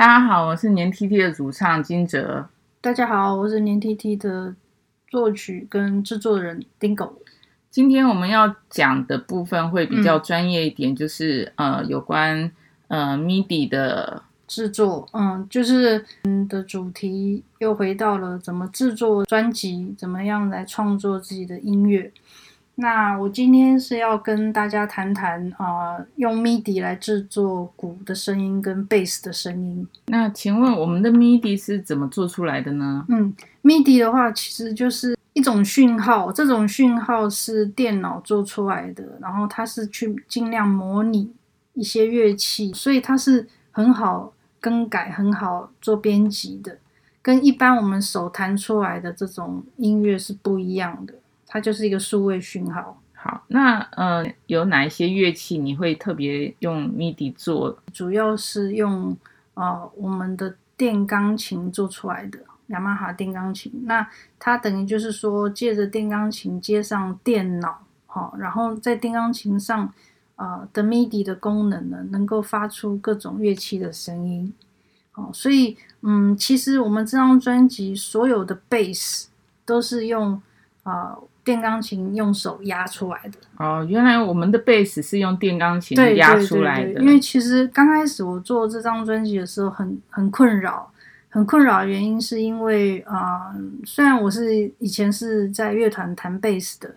大家好，我是黏 T T 的主唱驚蟄。大家好，我是黏 T T 的作曲跟製作人 Dingo。今天我們要講的部分會比較專業一點，嗯、就是呃，有關、呃、MIDI 的製作。嗯，就是嗯的主題又回到了怎麼製作專輯，怎麼樣來創作自己的音樂。那我今天是要跟大家談談啊，用 MIDI 來制作鼓的聲音跟 Bass 的聲音。那請問我們的 MIDI 是怎麼做出來的呢？嗯，MIDI 的話其實就是一種訊號，這種訊號是電腦做出來的，然後它是去儘量模擬一些樂器，所以它是很好更改、很好做編輯的，跟一般我們手彈出來的這種音樂是不一樣的。它就是一個數位訊號。好，那呃，有哪一些樂器你會特別用 MIDI 做？主要是用呃，我們的電鋼琴做出來的，雅馬哈電鋼琴。那它等於就是說借着電鋼琴接上電腦，好，哦，然後在電鋼琴上，呃，的 MIDI 的功能呢，能夠發出各種樂器的聲音。哦，所以嗯，其實我們這張專輯所有的 bass 都是用啊。呃電鋼琴用手壓出來的。哦，原來我們的貝斯是用電鋼琴壓出來的。對對對對，因為其實剛開始我做這張專輯的時候很，很很困擾，很困擾的原因是因為啊、呃，雖然我是以前是在樂團彈貝斯的，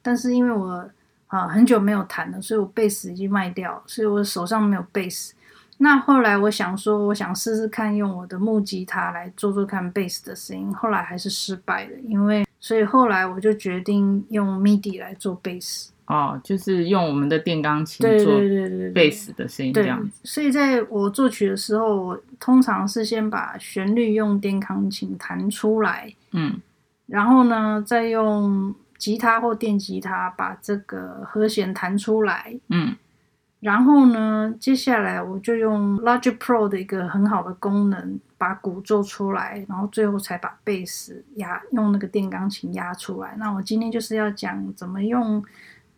但是因為我啊、呃、很久沒有彈了，所以我貝斯已經賣掉，所以我手上沒有貝斯。那後來我想說，我想試試看用我的木吉他來做做看貝斯的聲音，後來還是失敗了，因為。所以後來我就決定用 MIDI 來做貝斯，哦，就是用我們的電鋼琴做貝斯的聲音這樣子，對對對對對對。所以在我作曲的時候，我通常是先把旋律用電鋼琴彈出來，嗯，然後呢再用吉他或電吉他把這個和弦彈出來，嗯。然後呢，接下來我就用 Logic Pro 的一個很好的功能，把鼓做出來，然後最後才把貝斯壓，用那個電鋼琴壓出來。那我今天就是要講怎麼用，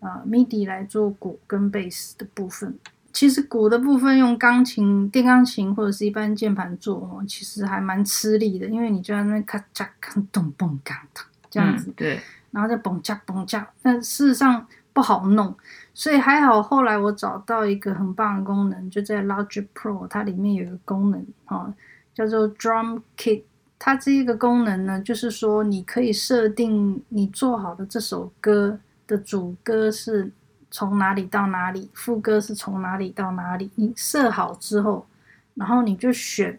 呃，MIDI 來做鼓跟貝斯的部分。其實鼓的部分用鋼琴、電鋼琴或者是一般鍵盤做，其實還蠻吃力的，因為你就在那咔嚓、咔咚、嘣、嘎、嘎這樣子、嗯，對，然後再嘣、夾、嘣、夾。但事實上。不好弄，所以還好。後來我找到一個很棒的功能，就在 Logic Pro，它裡面有一個功能，哦，叫做 Drum Kit。它這一個功能呢，就是說你可以設定你做好的這首歌的主歌是從哪裡到哪裡，副歌是從哪裡到哪裡。你設好之後，然後你就選。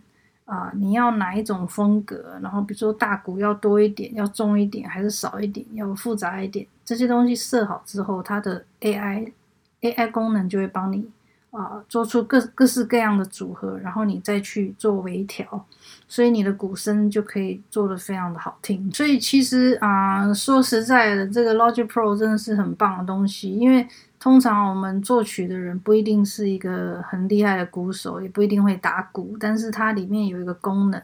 啊，你要哪一種風格？然後比如說大鼓要多一點，要重一點，還是少一點，要複雜一點？這些東西設好之後，它的 AI AI 功能就會幫你啊做出各各式各樣的組合，然後你再去做微調，所以你的鼓聲就可以做得非常的好聽。所以其實啊，說實在的，這個 Logic Pro 真的是很棒的東西，因為，通常我們作曲的人不一定是一個很厲害的鼓手，也不一定會打鼓，但是它裡面有一個功能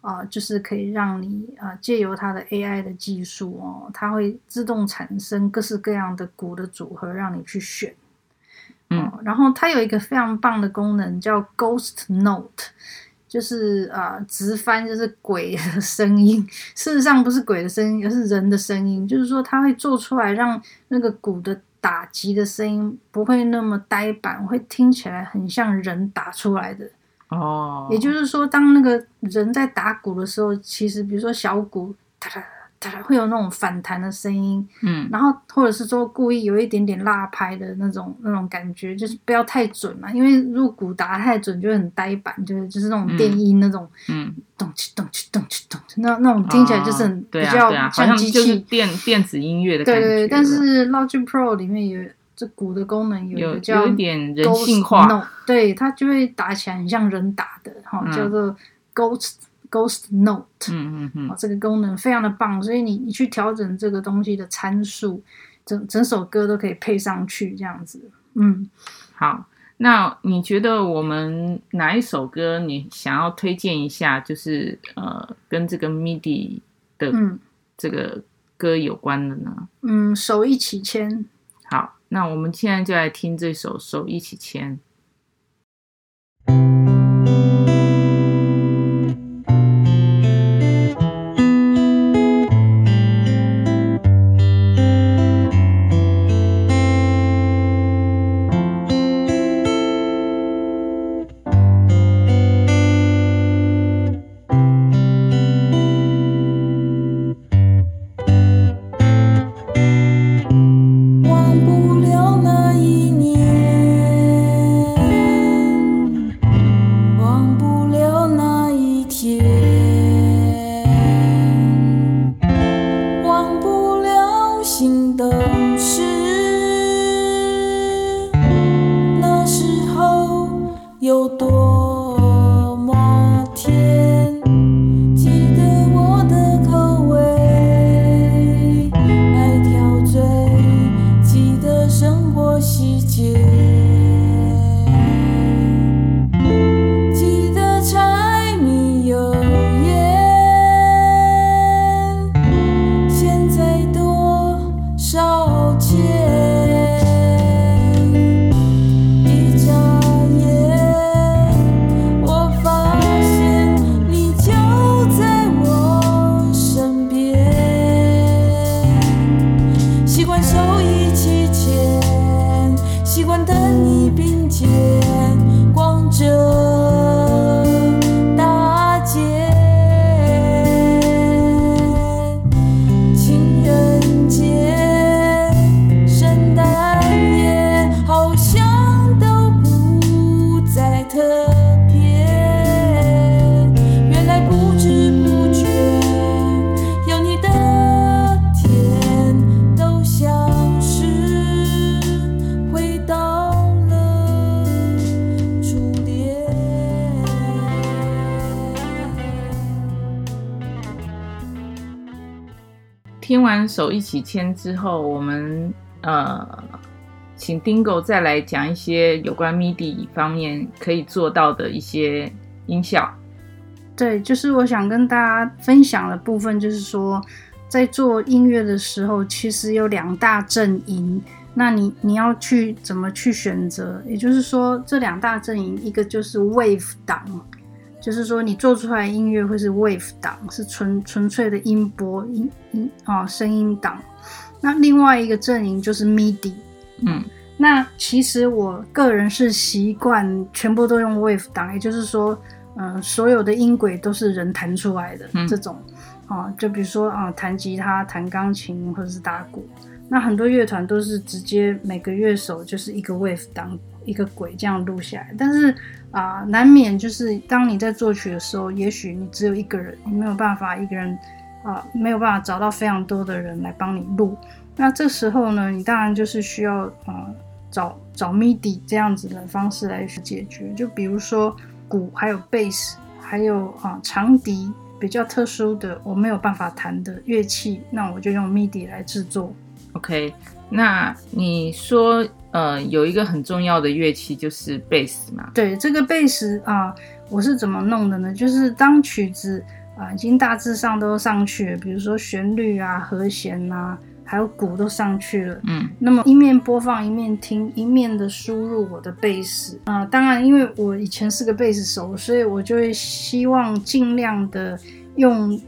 啊、呃，就是可以讓你啊借、呃、由它的 AI 的技術哦，它會自動產生各式各樣的鼓的組合讓你去選。嗯、哦，然後它有一個非常棒的功能叫 Ghost Note，就是啊、呃、直翻就是鬼的聲音。事實上不是鬼的聲音，而是人的聲音，就是說它會做出來讓那個鼓的。打擊的聲音不會那麼呆板，會聽起來很像人打出來的。哦，oh. 也就是說，當那個人在打鼓的時候，其實比如說小鼓噔噔。會有那種反彈的聲音，嗯，然後或者是說故意有一點點落拍的那種那種感覺，就是不要太準嘛，因為如果鼓打得太準就很呆板，就是就是那種電音那種，嗯，咚去咚去咚去咚去，那那種聽起來就是很、哦、比較像機器、啊啊、像就是電電子音樂的感覺。對對，但是 Logic Pro 裡面有這鼓的功能有一個叫 Ghost, 有，有有點人性化，no, 對它就會打起來很像人打的哈，哦嗯、叫做 Ghost。Ghost Note，嗯嗯嗯，這個功能非常的棒，所以你你去調整這個東西的參數，整整首歌都可以配上去這樣子。嗯，好，那你覺得我們哪一首歌你想要推薦一下？就是呃，跟這個 MIDI 的這個歌有關的呢？嗯，手一起牽。好，那我們現在就來聽這首《手一起牽》。聽完手一起牽之後，我們呃，請 Dingo 再來講一些有關 MIDI 方面可以做到的一些音效。對，就是我想跟大家分享的部分，就是說在做音樂的時候，其實有兩大陣營，那你你要去怎麼去選擇？也就是說，這兩大陣營，一個就是 Wave 檔。就是說，你做出來音樂會是 wave 檔，是純純粹的音波音音哦聲音檔。那另外一個陣營就是 MIDI、嗯。嗯，那其實我個人是習慣全部都用 wave 檔，也就是說，嗯、呃，所有的音軌都是人彈出來的、嗯、這種啊、哦，就比如說啊、呃，彈吉他、彈鋼琴或者是打鼓。那很多樂團都是直接每個樂手就是一個 wave 檔。一個鬼這樣錄下來，但是啊、呃，難免就是當你在作曲的時候，也許你只有一個人，你沒有辦法一個人啊、呃，沒有辦法找到非常多的人來幫你錄。那這時候呢，你當然就是需要啊、呃，找找 MIDI 這樣子的方式來去解決。就比如說鼓，還有貝斯，還有啊、呃、長笛，比較特殊的我沒有辦法彈的樂器，那我就用 MIDI 來製作。OK，那你說？呃，有一個很重要的樂器就是貝斯嘛。對，這個貝斯啊，我是怎麼弄的呢？就是當曲子啊，呃，已經大致上都上去了，比如說旋律啊、和弦啊，還有鼓都上去了。嗯，那麼一面播放，一面聽，一面的輸入我的貝斯啊。當然，因為我以前是個貝斯手，所以我就會希望盡量的用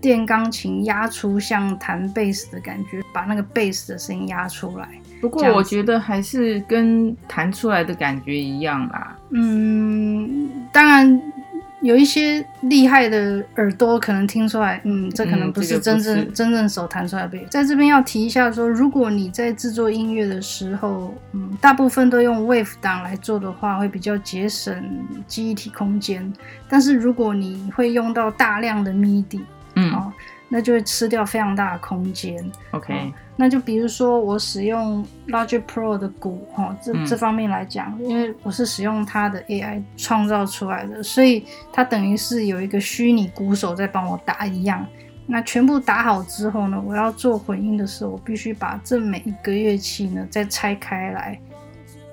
電鋼琴壓出像彈貝斯的感覺，把那個貝斯的聲音壓出來。不過我覺得還是跟彈出來的感覺一樣啦，這樣子。嗯，當然有一些厲害的耳朵可能聽出來，嗯，這可能不是真正、嗯這個、不是真正手彈出來的。在這邊要提一下說，如果你在制作音樂的時候，嗯，大部分都用 WAV 檔來做的話，會比較節省記憶體空間。但是如果你會用到大量的 MIDI，嗯。哦那就會吃掉非常大的空間。OK，、哦、那就比如說我使用 Logic Pro 的鼓哈、哦，這、嗯、這方面來講，因為我是使用它的 AI 創造出來的，所以它等於是有一個虛擬鼓手在幫我打一樣。那全部打好之後呢，我要做混音的時候，我必須把這每一個樂器呢再拆開來，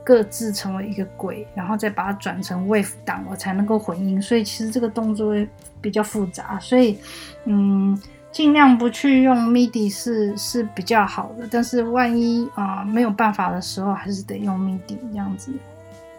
各自成為一個軌，然後再把它轉成 WAVE 檔，我才能夠混音。所以其實這個動作會比較複雜，所以嗯。盡量不去用 MIDI 是是比較好的，但是萬一啊沒有辦法的時候，還是得用 MIDI 這樣子。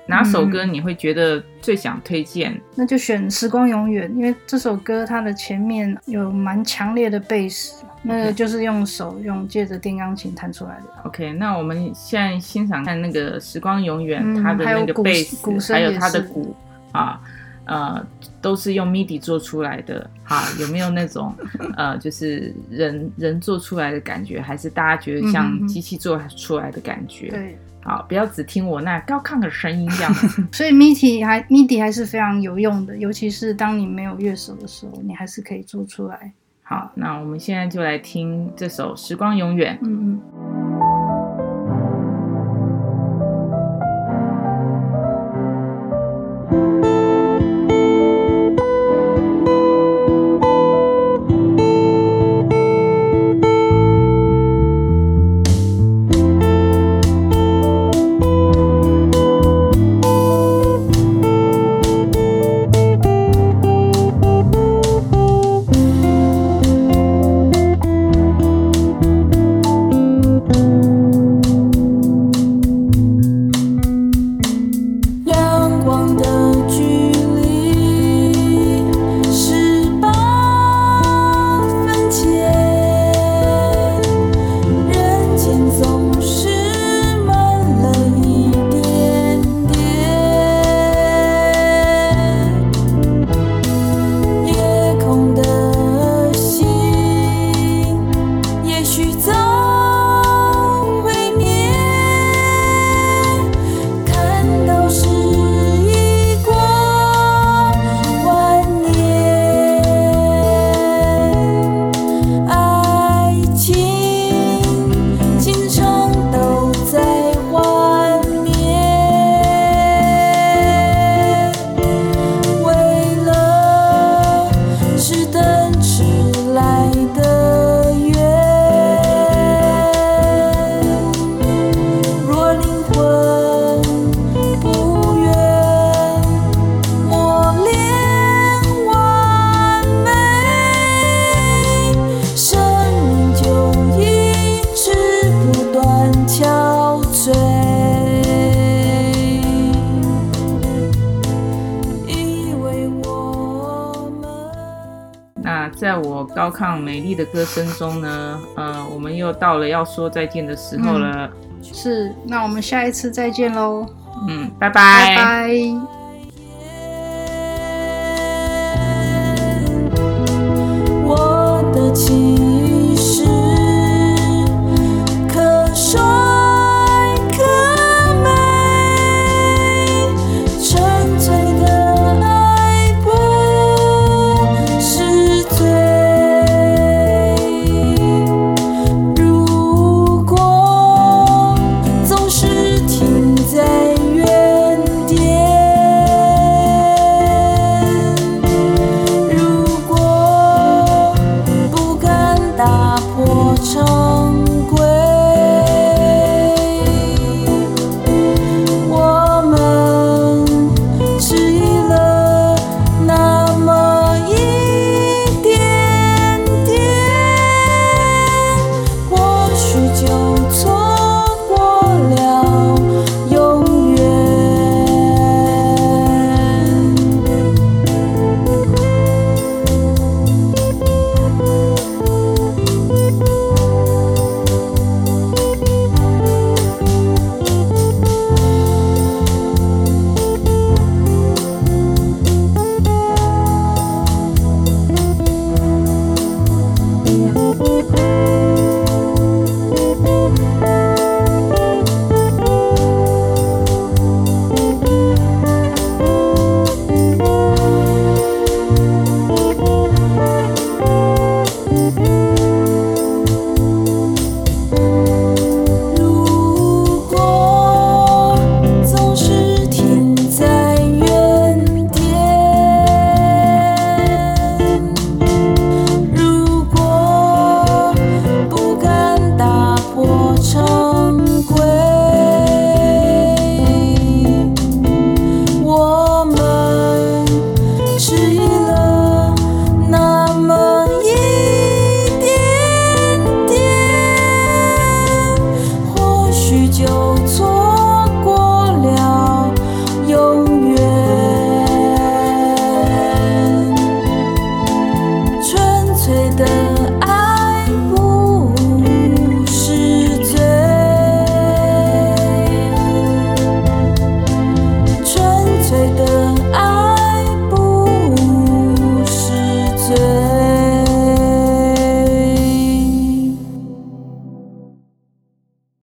哪首歌你會覺得最想推薦、嗯？那就選《時光永遠》，因為這首歌它的前面有蠻強烈的貝斯，那個就是用手用借着電鋼琴彈出來的。OK，那我們現在欣賞看那個《時光永遠》嗯、它的那個貝斯，還有它的鼓啊。呃，都是用 MIDI 做出來的，哈，有沒有那種 呃，就是人人做出來的感覺，還是大家覺得像機器做出來的感覺？嗯嗯對，好，不要只聽我那高亢的聲音，這樣。所以 MIDI 還 MIDI 還是非常有用的，尤其是當你沒有樂手的時候，你還是可以做出來。好，那我們現在就來聽這首《時光永遠》。嗯嗯。在我高亢美麗的歌聲中呢，呃，我們又到了要說再見的時候了。嗯、是，那我們下一次再見嘍。嗯，拜拜。拜拜。